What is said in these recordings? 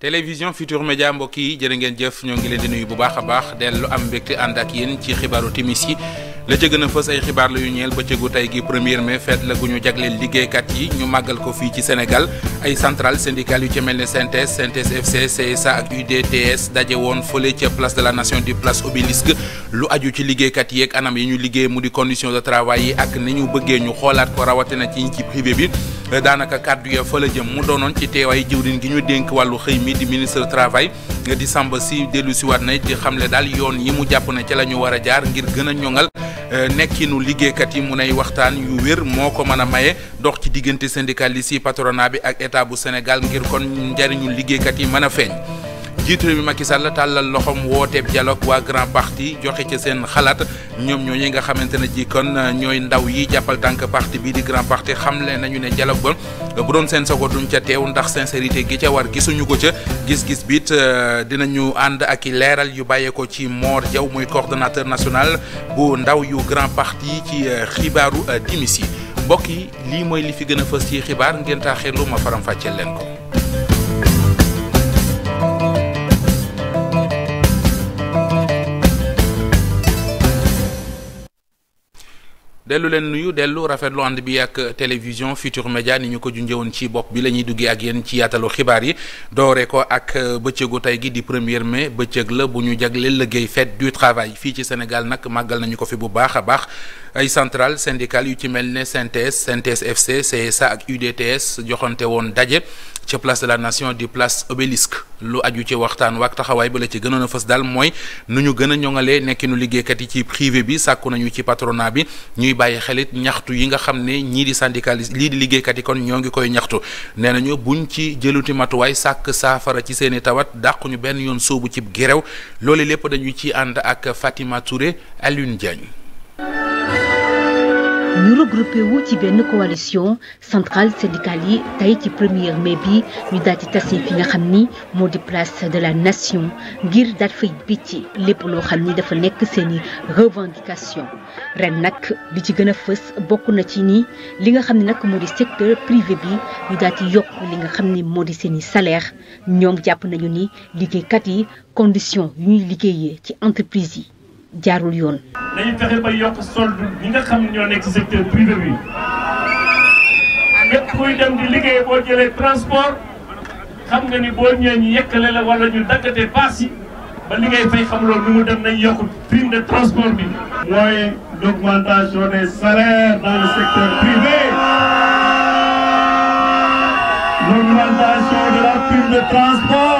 télévision Futur Média mbokk yi jërë ngeen jëf ñoo ngi leen di nuyu bu baax a baax dellu am mbégte ànd ak yéen ci xibaaru timis yi la ca gën a fës ay xibaar la yu ñeel bëccëgu tey gi premier mai fête la gu ñu jagleel liggéeykat yi ñu màggal ko fii ci Sénégal ay centrale syndicale yu ci mel ne CNTS CNTS FC CSA ak UDTS daje woon fële ca place de la nation di place Obélisque lu aju ci liggéeykat yi ak anam yi ñu liggéey mu di condition de travail yi ak ni ñu bëggee ñu xoolaat ko rawatina ci ci privé bi daanaka kàddu ya fa la jëm mu doonoon ci teewaay jëwriñ gi ñu dénk wàllu xëy mi di ministre travail di Samba si dellu si na di xamle daal yoon yi mu jàpp ne ca la ñu war a jaar ngir gën a ñoŋal Euh, nekkinu liggéeykat yi mu nay waxtaan yu wér moo ko mën a maye dox ci diggante syndicaliste yi patrona bi ak état bu Sénégal ngir kon njariñu liggéeykat yi mën a feeñ jiitu réew mi Macky Sall tàllal loxoom wooteeb dialogue waa grand parti joxe ca seen xalaat ñoom ñoo ñooñu nga xamante ne ji kon ñooy ndaw yi jàppal tànk parti bii di grand parti xamle nañu ne dialogue bon bu doon seen sago duñ ca teew ndax sincérité gi ca war gisuñu ko ca gis-gis biit euh, dinañu ànd ak i leeral yu bàyyeekoo ci Mor Diaw muy koordinateur national bu ndaw yu grand parti ci euh, xibaaru euh, timis yi mbokk yi lii mooy li fi gën a fës ci xibaar ngeen taaxee lu ma faram dellu leen nuyu dellu rafetlu ànd bi ak télévision Futur Média ni ñu ko woon ci bopp bi la duggee ak yéen ci yaatalu xibaar yi doore ko ak bëccëgu tey gi di première mai bëccëg la bu ñu jaglee liggéey fête du travail fii ci Sénégal nag màggal nañu ko fi bu baax a baax ay centrale syndicale yu ci mel ne CNTS CNTS FC CSA ak UDTS joxante woon daje ca place de la nation di place obélisque lu aju ci waxtaan waak taxawaay ba la ci gënoon a fës daal mooy nu ñu gën a ñoŋalee nekkinu liggéeykat yi ci privé bi sàkku nañu ci patronat bi ñuy bàyyi xelit ñaxtu yi nga xam ne ñii di syndicaliste lii di liggéeykat yi kon ñoo ngi koy ñaxtu nee nañu buñ ci jëluti matuwaay sàkk saafara ci seeni tawat dàqu ñu benn yoon sóobu cib géréw loole lépp dañu ci ànd ak Fatima Touré Alioune Diagne ñu regroupé ci benn coalition centrale syndicale yi tey ci première mai bi ñu daal di tase fi nga xam ni moo di place de la nation ngir daal fay ci lépp loo xam ni dafa nekk seen i revendication ren nag li ci gën a fës bokk na ci ni li nga xam ne nag moo di secteur privé bi ñu daal di yokk li nga xam ni moo di seen i salaire ñoom jàpp nañu ni liggéeykat yi condition yu ñuy liggéeyee ci entreprise yi jaarul yoon. nañu fexe ba yokk soldu ñi nga xam ñoo nekk ci secteur privé bi lépp kuy dem di liggéey boo jëlee transport xam nga ni boo ñëwee ñu yëkkale la wala ñu daggate paas yi ba li ngay fay xam loolu mu dem nañ yokk prime de transport bi. mooy l'augmentation des salaires dans le secteur privé. l'augmentation de la prime de transport.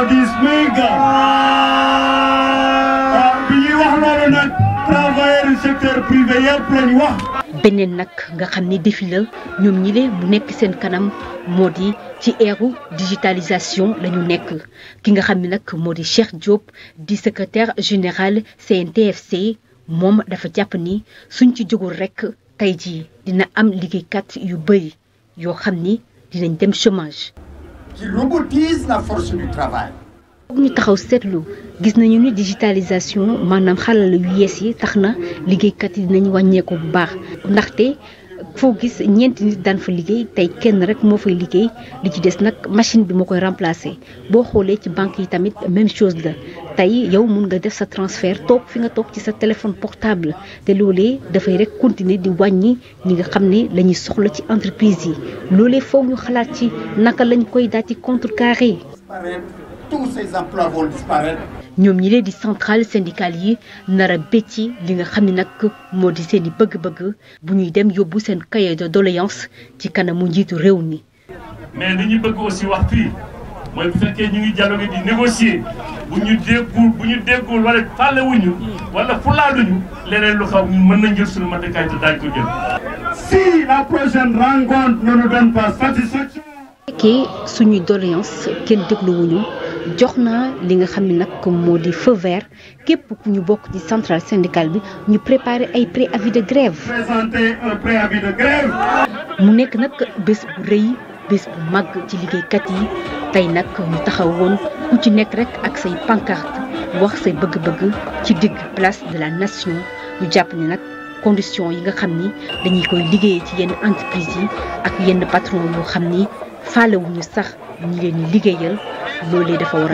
applaudisse nag travailleurs beneen nag nga xam ni défi ñoom ñi mu nekk seen kanam moo di ci eeru digitalisation lañu nekk ki nga xam ni nag moo di Cheikh Diop di secrétaire général CNTFC moom dafa jàpp ni suñ ci jógul rekk tey jii dina am liggéeykat yu bari yoo xam ni dinañ dem chômage. qui ñu taxaw seetlu gis nañu ni digitalisation maanaam xalal yu yees yi tax na liggéeykat yi dinañ wàññeeku bu baax ndaxte. foo gis ñeenti nit daan fa liggéey tey kenn rek moo fay liggéey li ci des nag machine bi moo koy remplacer boo xoolee ci banque yi tamit même chose la tey yow mun nga def sa transfert toog fi nga toog ci sa téléphone portable te loolee dafay rek continuer di wàññi li nga xam ne la soxla ci entreprise yi loolee foog ñu xalaat ci naka lañ koy daal ci contrecarrer tous ces emplois vont ñoom ñi leen di centrale syndicale yi nar a bétti li nga xam ni nag moo di seen i bëgg-bëgg bu ñuy dem yóbbu seen cahier de doléance ci kanamu njiitu réew mi. mais li ñu bëgg aussi wax fii mooy bu fekkee ñu ngi dialogué di négocier bu ñu déggul bu ñu déggul wala fàllewuñu wala fulaaluñu leneen lu xaw mën na jël suñu matukaay te daañu ko jël. si la prochaine rencontre ne nous donne pas satisfaction. fekkee suñuy doléance kenn dégluwuñu. jox naa li nga xam ne nag moo di feu vert képp ñu bokk ci centrale syndicale bi ñu préparer ay préavis de grève. de grève. mu nekk nag bés bu rëy bés bu mag ci liggéeykat yi tey nag ñu taxaw woon ku ci nekk rek ak say pancarte wax say bëgg-bëgg ci digg place de la nation ñu jàpp ne nag. condition yi nga xam ni dañuy koy liggéeyee ci yenn entreprise yi ak yenn patron yoo xam ni falewuñu sax ñi leen di liggéeyal loolee dafa war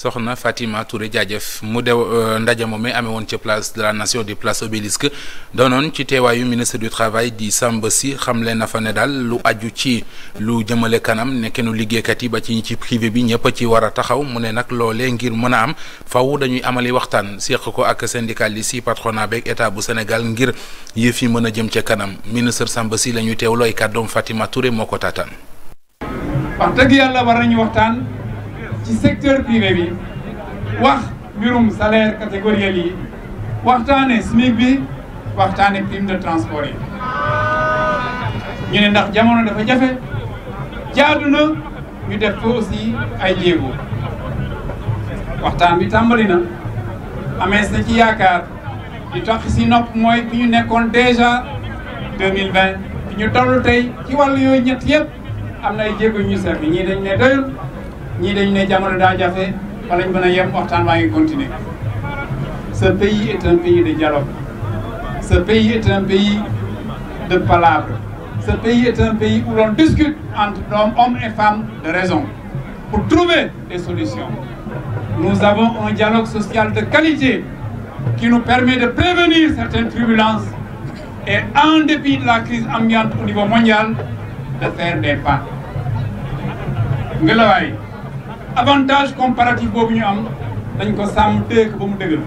soxna Fatima Touré jaajëf mu dew euh, ndaje moom mi amee woon ci place de la nation de place obélisque doonoon ci teewaayu ministre du travail di Samba Sy xamle na fa ne daal lu aju ci lu jëmale kanam ne nekkenu liggéeykat yi ba ci ci privé bi ñëpp ci war a taxaw mu ne nag loole ngir mën am faw dañuy amali waxtaan séq ko ak syndicaliste yi patronat beeg état bu Sénégal ngir yëf yi mën a jëm ca kanam ministre Samba si la ñuy teewlooy kàddoom Fatima Touré moo ko taataan. wax dëgg yàlla war nañu waxtaan ci secteur privé bi wax mbirum salaire catégoriel yi waxtaane SMIC bi waxtaane prime de transport yi ñu ne ndax jamono dafa jafe jaadu na ñu def ko aussi ay jéego waxtaan bi tàmbali na amees na ci yaakaar di tax si nopp mooy bi ñu nekkoon déjà 2020 ñu toll tey ci wàllu yooyu ñett yëpp am na ay jéego ñu seetlu ñii dañ ne doyul ñii dañ ne jamono daa jafe wala ñu mën a yem waxtaan waa ngi continuer ce pays est un pays de dialogue ce pays est un pays de palabre ce pays est un pays où l'on discute entre hommes et femmes de raison pour trouver des solutions. Nous avons un dialogue social de qualité qui nous permet de prévenir certaines turbulences et en dépit de la crise ambiante au niveau mondial, de faire des pas ngelawaay avantage comparatif boobu ñu am dañ ko sàmm téye ko ba mu dëgër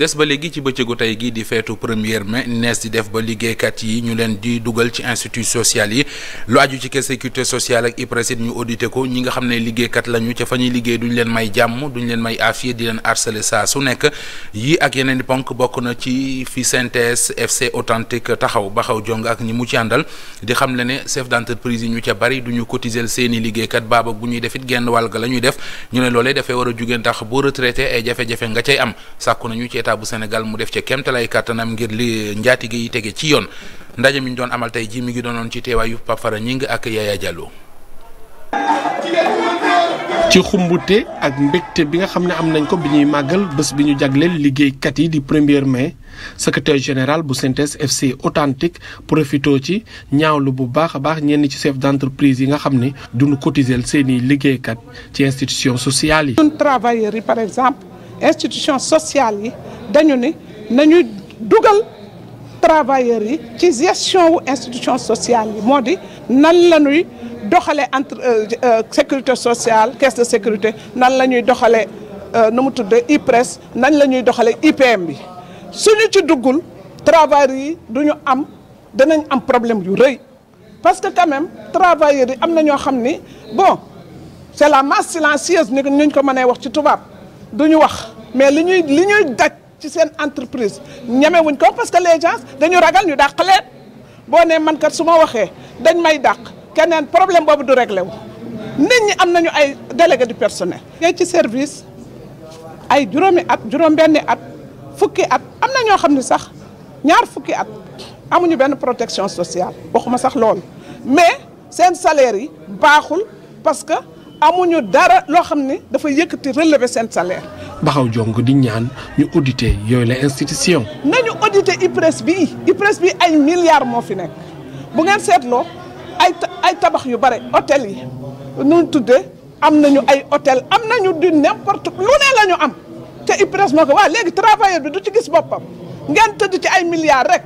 des ba léegi ci bëccëgu tey gi di feetu premier mai nees di def ba liggéeykat yi ñu leen di dugal ci institut social yi lu aju ci caisse sécurité social ak IPRES ñu audité ko ñi nga xam ne liggéeykat lañu ca fa ñuy liggéey duñ leen may jàmm duñ leen may afiye di leen harceler saa su nekk yi ak yeneen di ponk bokk na ci fi CNTS FC authentique taxaw baxaw jong ak ñi mu àndal di xam le ne chef d'entreprise yi ñu ca bari duñu cotiser seeni liggéeykat baaba bu ñuy defit genn wàll la ñuy def ñu ne loolee dafay war a jugéen tax boo retraité ay jafe nga cay am état bu Sénégal mu def ca kéemtalaay kàttanam ngir li njaatige yi tege ci yoon ndaje mi doon amal tey jii mi ngi doonoon ci teewaayu Pape Fara Ñing ak Yaya Diallo. ci ak mbégte bi nga xam ne am nañ ko bi ñuy màggal bés bi ñu jagleel liggéeykat yi di première mai secretaire général bu synthèse FC authentique profito ci ñaawlu bu baax a baax ñenn ci chef d'entreprise yi nga xam ne duñu cotiser seeni liggéeykat ci institution sociale yi. institution sociale yi dañu ni nañuy dugal travailleurs yi ci gestion wu institution sociale yi moo di nan la ñuy doxalee entre euh, euh, sécurité sociale caisse de sécurité nan la ñuy doxalee euh, nu mu tuddee IPRES nan la ñuy doxalee IPM bi suñu ci duggul travailleurs yi du ñu am danañ am problème yu rëy parce que quand même travailleurs yi am na ñoo xam ni bon c'est la masse silencieuse ni ñu ko mënee wax ci tubaab. duñu wax mais li ñuy li ñuy daj ci seen entreprise ñemewuñ ko parce que les gens dañu ragal ñu dàq leen boo nee man kat su ma waxee dañ may dàq keneen problème boobu du réglé wu. nit ñi am nañu ay délégué du personnel. ngay ci service ay juróomi at juróom-benni at fukki at am na ñoo xam ne sax ñaar fukki at amuñu benn protection sociale waxuma sax loolu mais seen salaire yi baaxul parce que. amuñu dara loo xam ni dafa yëkkati relever seen salaire. Baxaw jonk di ñaan ñu auditer yooyu la institution. nañu auditer IPRES bi IPRES bi ay milliards moo fi nekk bu ngeen seetloo ay ay tabax yu bare hôtel yi nu tuddee am nañu ay hôtel am nañu du n'importe lu ne la ñu am te IPRES moo ko waa léegi travailleur bi du ci gis boppam ngeen tëdd ci ay milliards rek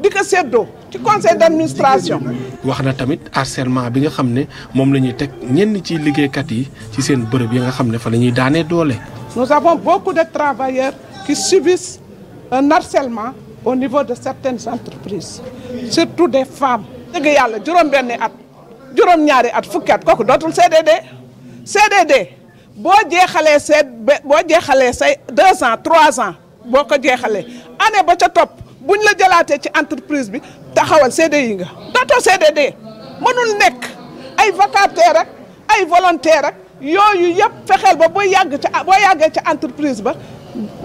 di ko séddoo. ci conseil d'administration. wax na tamit harcèlement bi nga xam ne moom la ñuy teg ñenn ci liggéeykat yi ci seen bërëb yi nga xam ne fa la ñuy daanee doole. nous avons beaucoup de travailleurs qui subissent un harcèlement au niveau de certaines entreprises surtout des femmes. dëgg yàlla juróom-benni at juróom-ñaari at fukki at kooku dootul CDD CDD boo jeexalee seet boo jeexalee say deux ans trois ans boo ko jeexalee année ba ca topp. buñ la jëlaatee ci entreprise bi taxawal CDI nga dootoo CDD mënul nekk ay vacataire ak ay volontaire ak yooyu yëpp fexeel ba boo yàgg ca boo yàggee ca entreprise ba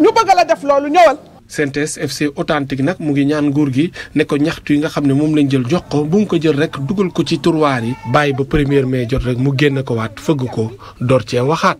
ñu bëgg la def loolu ñëwal. CNTS FC authentique nag mu ngi ñaan nguur gi ne ko ñaxtu yi nga xam ne moom lañ jël jox ko bu mu ko jël rek dugal ko ci turwaar yi. bàyyi ba premier mai jot rek mu génn ko waat fëgg ko door cee waxaat.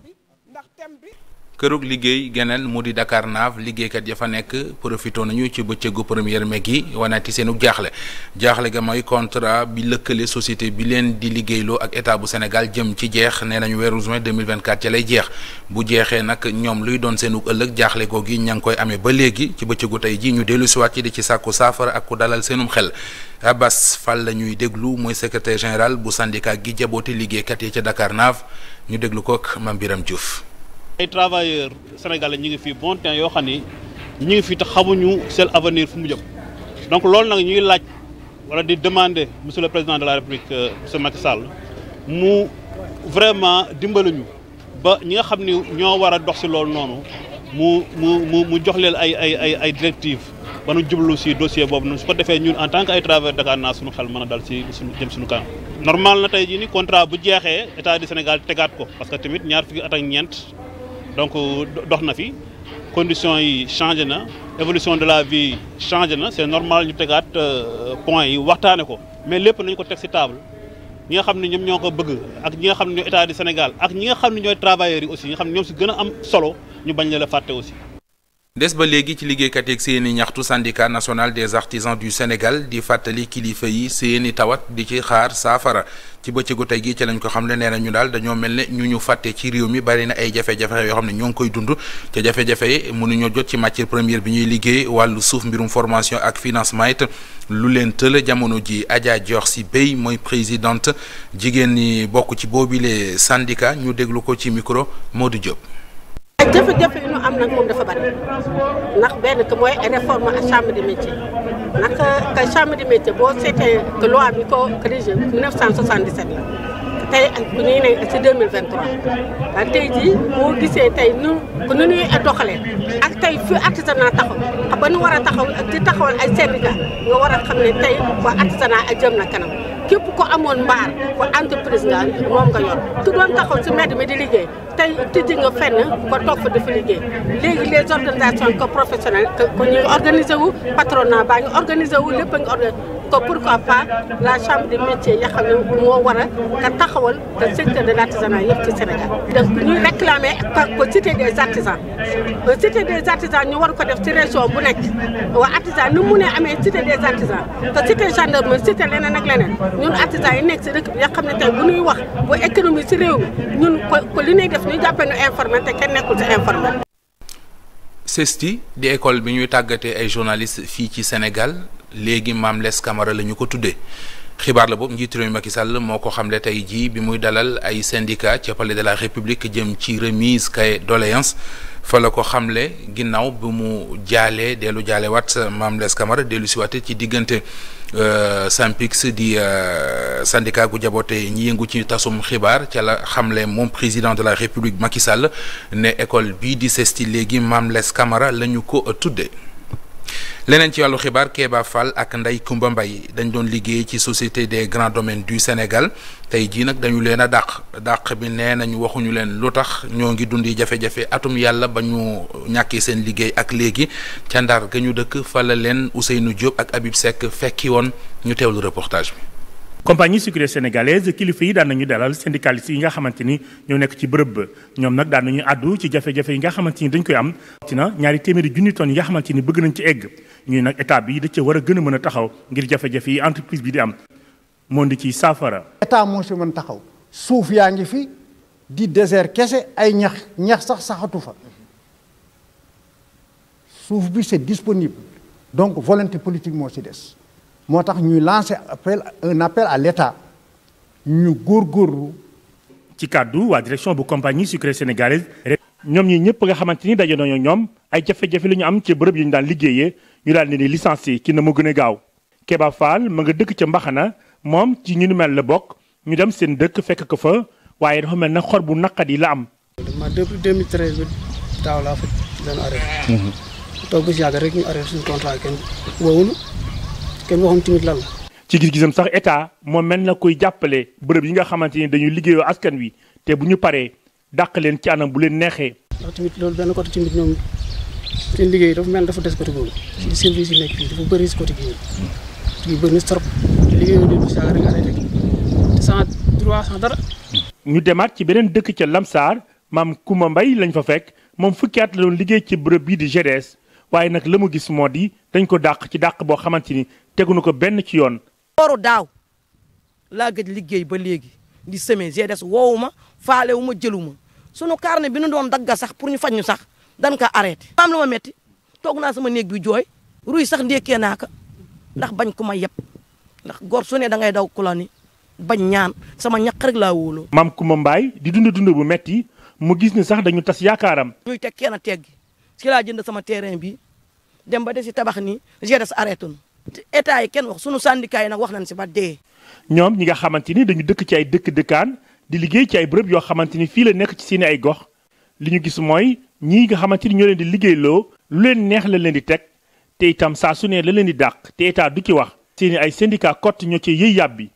kërug liggéey geneen mu di Dakarnave liggéeykat ya fa nekk profito nañu ci bëccëgu première meg yi wanaati seenu jaaxle jaaxle ga mooy contrat bi lëkkale société bi leen di liggéeyloo ak état bu Sénégal jëm ci jeex nee nañu weeru juin 2024 ca lay jeex bu jeexee nag ñoom luy doon seenu ëllëg jaaxle koo gi ña ngi koy amee ba léegi ci bëccëgu tey ji ñu dellu siwaat ci di ci sàkku saafara ak ku dalal seenum xel Abbas Fall la ñuy déglu mooy secretaire général bu syndicat gi jaboote liggéeykat yi ca Dakarnave ñu déglu kook Mame Biram Diouf ay travailleurs sénégalais ñu ngi fi bon temps yoo xam ni ñu ngi fi te xamuñu seen avenir fu mu jëm donc loolu nag ñuy laaj wala di demander monsieur le président de la république euh, monsieur Macky Sall mu vraiment dimbaluñu ba ñi nga xam ni ñoo war a dox si loolu noonu mu mu mu jox leen ay ay ay ay directives ba nu jublu si dossier boobu noonu su ko defee ñun en tant que ay travailleurs Dakar naa suñu xel mën a dal si jëm suñu kanam. normal na tey jii ni contrat bu jeexee état du ko donc dox na fi conditions yi changé na évolution de la vie change na c'est normal ñu tegaat euh, point yi waxtaane ko mais lépp nañu ko teg ci table ñi nga xam ne ñoom ñoo ko bëgg ak ñi nga xam ne ñooy état du Sénégal ak ñi nga xam ne ñooy travailleurs yi aussi ñi nga xam ne ñoom ci gën a am solo ñu bañ leen a fàtte aussi des ba léegi ci liggéeykat yeeg seeni ñaxtu syndicat national des artisans du Sénégal di fàttali kilifa yi seeni tawat di ci xaar saafara ci bëccëgu tey gi ci lañ ko xam ne nee na ñu daal dañoo mel ne ñu ñu fàtte ci réew mi bari na ay jafe-jafe yoo xam ne ñoo ngi koy dund te jafe-jafe yi mënuñoo jot ci matière première bi ñuy liggéey wàllu suuf mbirum formation ak financement it lu leen tël jamono ji Adja Dior si Bey mooy présidente jigéen ñi bokk ci boobile syndicat ñu déglu ko ci micro Modou Diop. jafe-jafe yi ñu am nag moom dafa ba ndax benn que mooy réforme a chambre de métier ndax que chambre de métier boo seetee que loi bi ko régi 1977 la tey ak bu ñuy ne ci 2023 waaye tey jii boo gisee tey nu nu ñuy a ak tey fi artisanat taxaw xam ba nu war a taxaw di taxawal ay syndicat nga war a xam ne tey waa artisanat ak jëm na kanam képp ko amoon mbaar ko entreprise nga moom nga yor su doon taxaw si mbedd mi di liggéey tey tijji nga fenn ba toog fa dafa liggéey léegi les organisations que professionnelles que ñu ngi organisé wu patronat baa ngi organisé wu lépp a ngi organisé ko pourquoi pas la chambre des métiers ya xam ne moo war a taxawal te secteur de l' artisanat yëpp ci Sénégal. donc ñuy réclamer ko cité des artisans euh, cité des artisans ñu war ko def ci région bu nekk waa artisan nu mu ne amee cité des artisans te cité gendarmerie cité leneen ak nekk def ñu jàppee nu informel te kenn nekkul ci informel. CESTI di école bi ñuy tàggatee ay journalistes fii ci Sénégal léegi maam Less Camara la ñu ko tuddee. xibaar la boobu njiitu réew mi Macky Sall moo ko xamle tey jii bi muy dalal ay syndicat ca de la république jëm ci remise cahier doléance fa la ko xamle ginnaaw bi mu jaalee dellu jaale waat Mame Less Camara dellu si waate ci diggante euh, SYNPICS di euh, syndicat gu jaboote ñi yëngu ci tasum xibaar ca la xamle moom président de la république Macky Sall ne école bii di sesti léegi maam Less Camara la ñu ko tuddee leneen ci wàllu xibaar Kéba fal ak Ndeye Kumba mbay dañu doon liggéey ci société des grands domaines du Sénégal tey jii nag dañu leen a dàq dàq bi nee nañu waxuñu leen lu tax ñoo ngi dundi jafe-jafe atum yàlla ba ñu ñàkkee seen liggéey ak léegi ca ndar ga ñu dëkk fal la leen Ousseynou Diop ak Habib Seck fekki woon ñu teewlu reportage bi. compagnie sucrière sénégalaise kilifa yi daan nañu dalal syndicalistes yi nga xamante ni ñoo nekk ci bërëb ba ñoom nag daan nañu àddu ci jafe-jafe yi nga xamante ni dañ koy am tina ñaari téeméeri junni tonnes yi nga xamante ni bëgg nañ ci egg ñuy nag état bi da ca war a gën a mën a taxaw ngir jafe-jafe yi entreprise bi di am moom di ci saafara état moo si mën taxaw suuf yaa ngi fi di désert kese ay ñax ñax sax saxatu fa suuf bi c'est disponible donc volonté politique moo si des moo tax ñuy lancer appel un appel à l'État góor góorgóorlu. ci kàddu waa direction bu compagnie sucrière sénégalaise. ñoom ñi ñëpp nga xamante ni daje nañoo ñoom ay jafe-jafe la ñu am ci bërëb yu ñu daan liggéeye ñu daal ne ni licencié ci na mu gën a gaaw. Keba Fall ma nga dëkk ca Mbaxana moom ci ñu nu mel la bokk ñu dem seen dëkk fekk ko fa waaye dafa mel na xor bu naqat yi la ma depuis 2013 bi daaw laa fa mhm. rek ñu arrêté suñu contrat kenn woowuñu kenn waxoon tamit lan la. ci gis-gisam sax état moom mel na koy jàppale bërëb yi nga xamante ni dañuy liggéeyoo askan wi te bu ñu paree dàq leen ci anam bu leen neexee. ndax tamit loolu benn côté tamit ñoom liggéey dafa dafa des côté boobu ci service yi nekk fii dafa bëri si côté bii fii bëri ñu demaat ci beneen dëkk ca Lamsaar maam Kumba Mbay lañ fa fekk moom fukki at la doon liggéey ci bërëb bii di GDS waaye nag la mu gis moo di dañ ko dàq ci dàq boo xamante ni teguñu ko benn ci yoon. booru daaw laa gëj liggéey ba léegi di semaine gedes woowu ma faale wu ma jëlu sunu carnet bi nu doon dagga sax pour ñu faj ñu sax dan ka arrêté. am lu ma metti toog naa sama néeg bi jooy ruy sax ndékkee naa ko ndax bañ ku ma yeb ndax góor su ne da ngay daw ku ni bañ ñaan sama ñaq rek laa wóoloo. maam Kumba Mbaay di dund dund bu metti mu gis ni sax dañu tas yaakaaram. ñuy teg kenn gi si laa jënd sama terrain bi dem ba de si tabax ni GDS arrêté na état yi kenn wax sunu syndicat yi nag wax nañ si ba dee. ñoom ñi nga xamante ni dañu dëkk ci ay dëkk dëkkaan di liggéey ci ay bërëb yoo xamante ni fii la nekk ci seen ay gox li ñu gis mooy ñii nga xamante ni ñoo leen di liggéeyloo lu leen neex la leen di teg te itam saa su nee la leen di dàq te état du ci wax. seeni ay syndicat cote ñoo ci yëy yàbbi.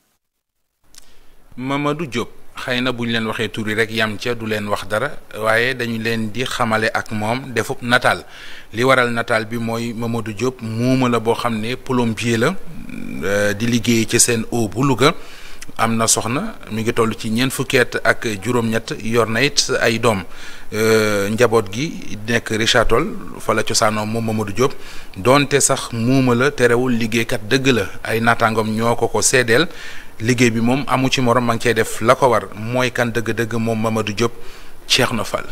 Mamadou Diop. xëy na bu ñu leen waxee tur yi rek yam ca du leen wax dara waaye dañu leen di xamale ak moom defub nataal li waral nataal bi mooy Mamadou Diop muuma la boo xam ne plombier la euh, di liggéey ci seen eau bu Louga am na soxna mu ngi toll ci ñeent fukki ak juróom-ñett yor na ay doom euh, njaboot gi nekk Richard Toll fa la cosaanoo moom Mamadou Diop donte sax muuma la terewul liggéeykat dëgg la ay naataangoom ñoo ko ko seedeel liggéey bi moom amu ci morom ma ngi cay def la ko war mooy kan dëgg-dëgg moom Mamadou Diop Thierno Fall.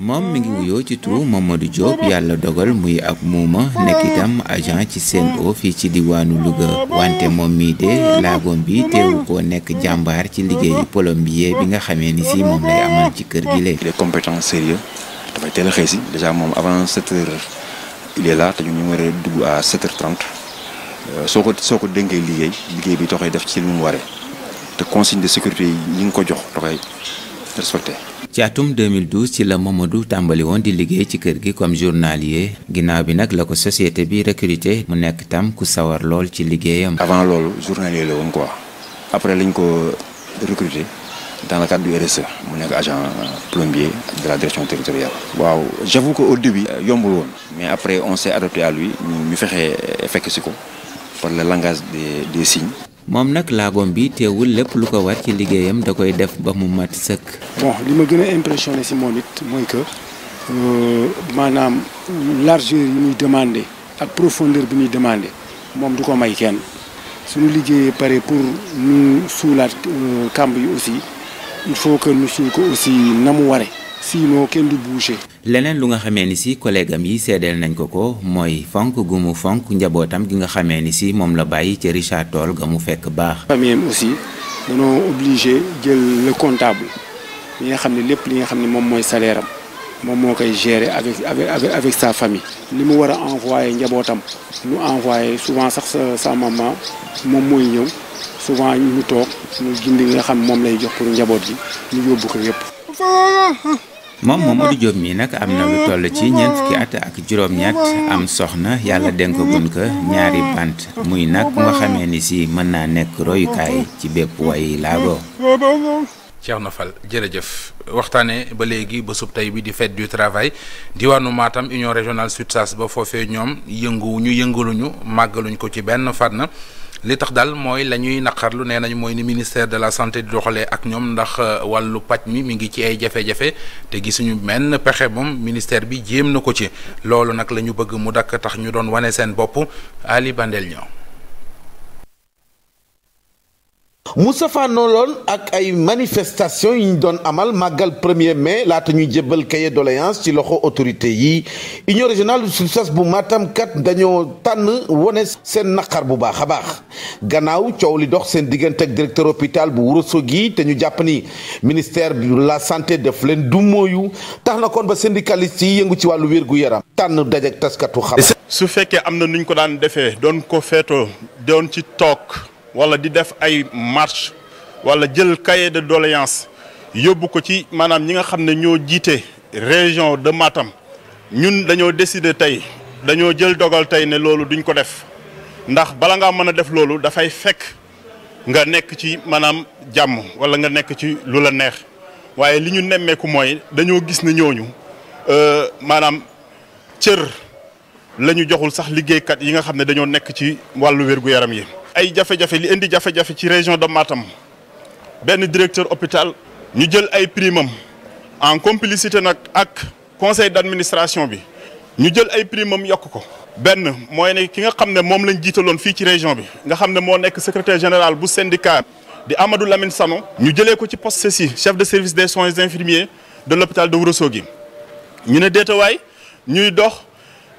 moom mi ngi wuyoo ci turu Mamadou Diop yàlla dogal muy ak ab muuma nekk itam agent ci seen fii ci diwaanu Louga wante moom mi de laagoom bi teewu ko nekk jàmbaar ci liggéeyu plombier bi nga xamee ni si moom lay amal ci kër gi les compétences sérieux dafay teel a si déjà moom avant sept il est là te ñun ñu war a dugg à 7h30 euh, soo ko soo ko dénkee liggéey bi da koy def ci lu mu waree te consigne de sécurité yi ñu ngi ko jox da koy respecté. ci atum ci la Momadou tàmbali woon di liggéey ci kër gi comme journalier ginnaaw bi nag la ko société bi recruté mu nekk tam ku sawar lool ci liggéeyam. avant loolu journalier la woon quoi après lañ ko recruté. dans le cadre du RSE mu nekk agent euh, plombier de la direction territoriale. waaw j'avoue que au début. Euh, yombul woon mais après on s'est adapté à lui ñu fexe fekk si ko par le langage des des signes. moom nag laagoom bi teewul lépp lu ko war ci liggéeyam da koy def ba mu mat sëkk. bon li ma gën a impressionné si moom it mooy que euh, maanaam largeur yi muy demandé ak profondeur bi muy demandé moom du ko may kenn suñu liggéeyee pare pour ñu suulaat kàmb yi aussi. il faut que ñu suy ko aussi na mu waree si sinon kenn du boucher. leneen lu nga xamee ni si collègue am yi seedeel nañ ko ko mooy fonk gu mu fonk njabootam gi nga xamee ni si moom la bàyyi ci Richard Toll ga mu fekk baax. famille aussi danoo obligé jël le comptable li nga xam ne lépp li nga xam ne moom mooy salaire moom moo koy gérer avec avec avec sa famille. li mu war a envoyé njabootam lu envoyé souvent sax sa sa moom mooy ñëw. souvent ñu toog ñu gindi moom lay jox pour njaboot gi ñu yóbbu ko yëpp. moom Mamadou Diop mii nag am na lu toll ci ñeent fukki at ak juróom-ñett am soxna yàlla denk gun ko ñaari bant muy nag nga xamee ni si mën naa nekk royukaay ci bépp way laago. Cheikhna Fall jërëjëf waxtaanee ba léegi ba sub tey bi di fet du travail diwaanu Matam union régionale sud sas ba foofee ñoom yënguwuñu yëngaluñu màggaluñ ko ci benn fànn. li tax daal mooy la ñuy naqarlu nee nañ mooy ni ministère de la santé di doxalee ak ñoom ndax euh, wàllu paj mi mi ngi ci ay jafe-jafe te gisuñu menn pexe moom ministère bi jéem na ko ci loolu nag la ñu bëgg mu dakk tax ñu doon wane seen bopp Ali Bandel ñoo mu safaanooloon ak ay manifestation yi ñu doon amal màggal premier mai laata ñuy jébbal cahier doléance ci loxo autorité yi union régionale du sas bu Matam kat dañoo tànn wone seen naqar bu baax a baax gannaaw coow li dox seen diggante ak directeur hôpital bu Ourossogui te ñu jàpp ni ministère de la santé def leen du mooyu tax na kon ba syndicaliste yi yëngu ci wàllu wérgu yaram tànn dajek taskatu xam su fekkee am na nuñ ko daan defee doon ko feetoo doon ci toog wala di def ay marche wala jël cahier de doléance yóbbu ko ci maanaam ñi nga xam ne ñoo jiite région de Matam ñun dañoo décider tey dañoo jël dogal tey ne loolu duñ ko def ndax bala ngaa mën a def loolu dafay fekk nga nekk ci maanaam jàmm wala nga nekk ci lu la neex waaye li ñu nemmeeku mooy dañoo gis ne ñooñu euh, maanaam cër la ñu joxul sax liggéeykat yi nga xam ne dañoo nekk ci wàllu wér yaram yi ay jafe-jafe li indi jafe-jafe ci région de Matam benn directeur hôpital ñu jël ay prime am en complicité nag ak conseil d'administration bi ñu jël ay prime am yokk ko. benn mooy ne ki nga xam ne moom lañ jiitaloon fii ci région bi nga xam ne moo nekk secretaire général bu syndicat di Amadou Lamine Sano. ñu jëlee ko ci poste ci chef de service des soins infirmiers de l'hôpital de Ourossogui ñu ne déetawaay ñuy dox.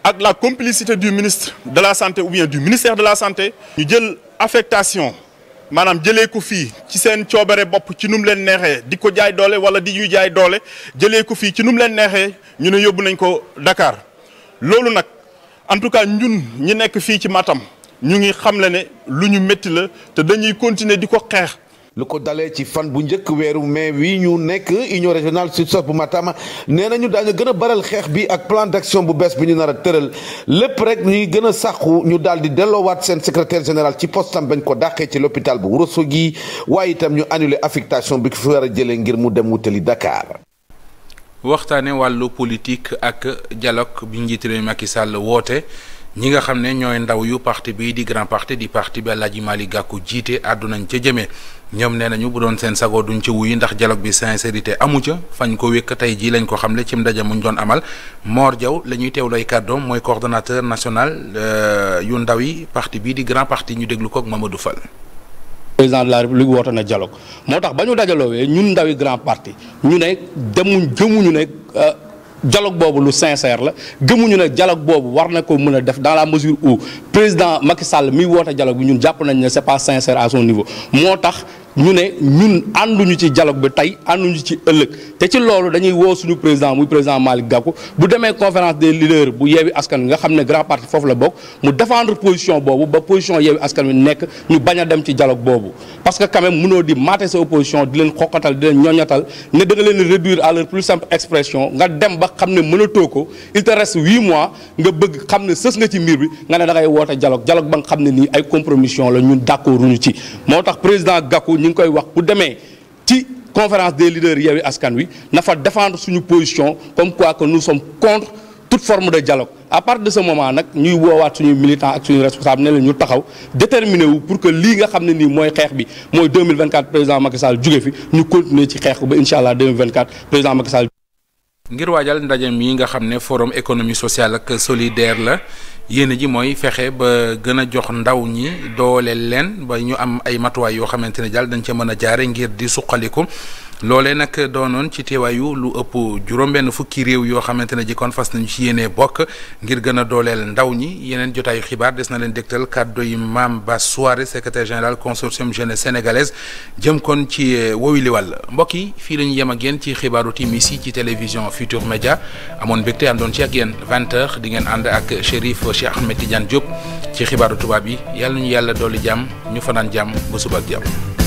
ak la complicité du ministre de la santé ou ministère de la santé ñu jël affectation maanaam jëlee ko fii ci seen coobare bopp ci nu leen neexee di ko jaay doole wala di ñuy jaay doole jëlee ko fii ci nu leen neexee ñu ne yóbbu nañ ko dakaar loolu nag en tout cas ñun ñi nekk fii ci Matam ñu ngi xam le ne lu ñu métti la te dañuy continuer di ko xeex. lu ko dalee ci fan bu njëkk weeru mais wi ñu nekk union régionale sud bu Matam nee nañu daañu gën a baral xeex bi ak plan d'action bu bees bi ñu nar a tëral lépp rek ñuy gën a sàqu ñu daal di delloowaat seen secrétaire général ci postam bañ ko dàqee ci l'hôpital bu Ourossogui waaye itam ñu annulé affectation bi ko fi war a jëlee ngir mu dem wutali Dakar. waxtaane wàllu politique ak dialogue bi njiit réew Macky Sall woote. ñi nga xam ne ñooy ndaw yu parti bi di grand parti di parti bi Alaaji Malick Gakou jiite àddunañ ca jëmee ñoom nee nañu bu doon seen sago duñ ci wuyu ndax dialogue bi sincérité amu ca fañ ko wékk tey jii lañ ko xam ne ci ndaje muñ doon amal Mor Diaw lañuy teew lay kàddoom mooy coordonnateur national euh, yu ndaw yi parti bii di grand parti ñu déglu ko ak Mamadou Fall. président de la république woote na dialogue tax ba ñu dajaloowee ñun ndawi grand parti ñu ne demuñ jëmuñu ne. Euh, jaloog boobu lu sincère la gëmuñu ne dialogue boobu war na ko mën a def dans la mesure où président Macky sàll mi woote dialogue bi ñun jàpp nañ ne c'est pas sincère à son niveau moo tax ñu ne ñun ànduñu ci dialogue bi tey ànduñu ci ëllëg te ci loolu dañuy woo suñu président muy président Malick Gakou bu demee conférence des leaders bu yeewi askan wi nga xam ne grand parti foofu la bokk mu défendre position boobu ba position yeewi askan wi nekk ñu bañ a dem ci dialogue boobu parce que quand même mënoo di maate sa opposition di leen xoqatal di leen ñoñatal ne da nga leen réduire à leur plus simple expression nga dem ba xam ne mënatoo ko il te reste huit mois nga bëgg xam ne sës nga ci miir bi nga ne da ngay woote dialogue dialogue ba nga xam ne nii ay compromission la ñun d'accord uñu ci moo tax président Gakou ñi ngi koy wax bu demee ci conférence des leaders Yewwi Askan Wi na fa défendre suñu position comme quoi que nous sommes contre toute forme de dialogue à partir de ce moment nag ñuy woowaat suñu militant ak suñu responsable ne ñu taxaw déterminé wu pour que lii nga xam ne nii mooy xeex bi mooy président Macky Sall fi ñu continuer ci xeex ba incha allah président Macky ngir waajal ndaje mi nga xam ne forum économie sociale ak solidaire la yéene ji mooy fexe ba gën a jox ndaw ñi dooleel leen ba ñu am ay matuwaay yoo xamante ne daal dañ ca mën a jaare ngir di suqaliku. loolee nag doonoon ci teewaayu lu ëpp juróom-benn fukki réew yoo xamante ne jikkoon fas nañu ci yéenee bokk ngir gën a dooleel ndaw ñi yeneen jotaayu xibaar des na leen dégtal kàddu yi maam Bass Souaré secrétaire général consortium jeunesse sénégalaise jëm kon ci eh, wowi li mbokk yi fii lañu yem ak yéen ci xibaaru timis yi ci télévision Futur Média amoon mbégte àndoon ci ak yéen vingt heures di ngeen ànd ak Chérif Cheikh Ahmed Tidiane Diop ci xibaaru tubaab yi yàlla ñu yàlla dooli jàmm ñu fanaan jàmm ba ak jàmm.